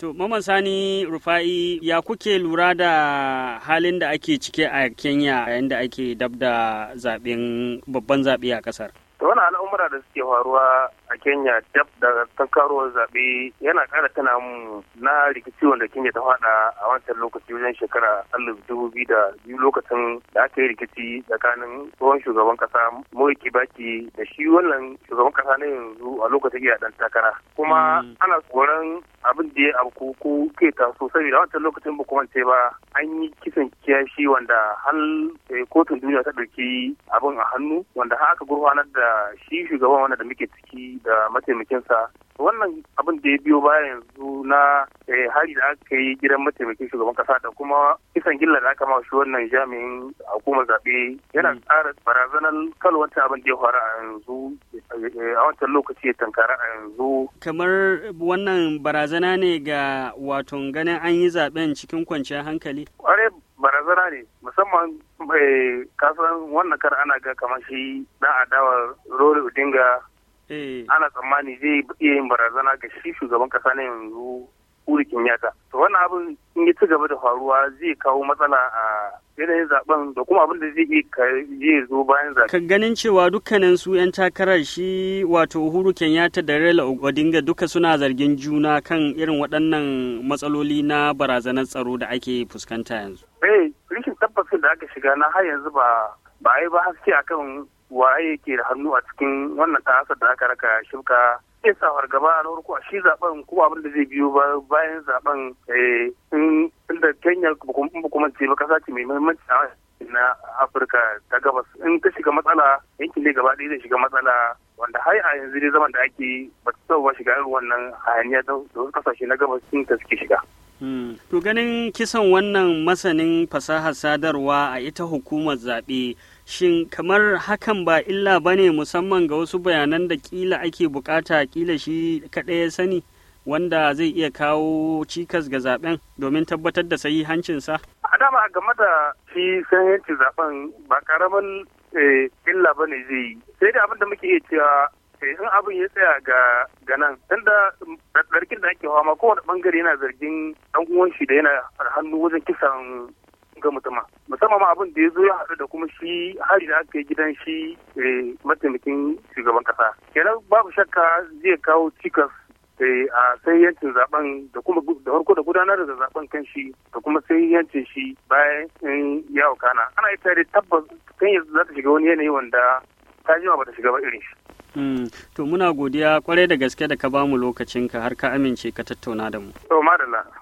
To, Maman Sani Rufa'i, ya kuke lura da halin da ake cike a Kenya yayin da ake dab da babban zaɓe a ƙasar? Da wani al'umura da suke faruwa a Kenya dab da karo zaɓe yana ƙara tana mu na rikici wanda Kenya ta faɗa a wancan lokaci wajen shekara alif dubu biyu da biyu lokacin da aka yi rikici tsakanin tsohon shugaban ƙasa Moi Kibaki da shi wannan shugaban kasa na yanzu a lokacin ya ɗan takara. Kuma mm. ana tsoron abin da ya abu ko ke taso saboda wancan lokacin ba kuma ba an yi kisan kiyashi wanda hal eh, kotun duniya ta ɗauki abin a hannu wanda haka gurfanar da shi shugaban wanda da muke ciki da mataimakinsa wannan abin da ya biyo baya yanzu na eh, hari da aka yi gidan mataimakin shugaban kasa da kuma kisan gilla da aka mashi wannan jami'in hukumar zaɓe yana tsara mm. barazanar kalwanta abin da ya faru a yanzu eh, a wancan lokaci ya tankara a yanzu. kamar wannan barazana ne ga waton ganin an yi zaɓen cikin kwanciyar hankali. kware barazana ne musamman eh, kasan wannan kar ana ga kamar shi dan adawa rori udinga Eh. ana tsammani zai iya yin barazana ga shi shugaban kasa na yanzu Uhuru Kenyatta. To wannan abin in ya ci gaba da faruwa zai kawo matsala a yanayin zaben da kuma abin da zai iya zo bayan zaben. Ka ganin cewa dukkanin su 'yan takarar shi wato Uhuru Kenyatta da Raila Odinga duka suna zargin juna kan irin waɗannan matsaloli na barazanar tsaro da ake fuskanta yanzu. Eh, rikin tabbacin da aka shiga na har yanzu ba ba yi ba haske akan waye ke da hannu a cikin wannan ta'asar da aka raka shirka ya sa gaba na farko shi zaben ko abin da zai biyo bayan zaben eh, inda kenya kuma ce ba kasa ce mai muhimmanci na afirka ta gabas in ta shiga matsala yankin ne gaba ɗaya zai shiga matsala wanda har a yanzu dai zaman da ake ba ta ba shiga irin wannan hayaniya da wasu kasashe na gabas sun ta suke shiga. To ganin kisan wannan masanin fasahar sadarwa a ita hukumar zaɓe shin kamar hakan ba illa ba ne musamman ga wasu bayanan da ƙila ake bukata ƙila shi kaɗai ya sani wanda zai iya kawo cikas ga zaɓen, domin tabbatar da sahihancinsa? A dama game da shi sahihancin zaɓen ba ƙaramin eh, illa ba ne zai yi. Sai da abin da muke iya cewa in abin ya tsaya ga ganan dan da ɗarkin da ake hawa ma kowane bangare yana zargin dan uwan shi da yana hannu wajen kisan ga mutuma musamman ma abin da ya zo ya haɗu da kuma shi hari da aka yi gidan shi eh, mataimakin shugaban kasa kenan babu shakka zai kawo cikas eh, a sai yancin zaben da kuma da farko da gudanar da zaben kan shi da kuma sai yancin shi bayan ya wakana ana ita da tabbas kan yanzu za ta shiga wani yanayi wanda ta jima ba ta shiga ba irin shi Mm. To muna godiya kwarai da gaske da ka bamu lokacinka har ka amince ka tattauna da mu. To madalla.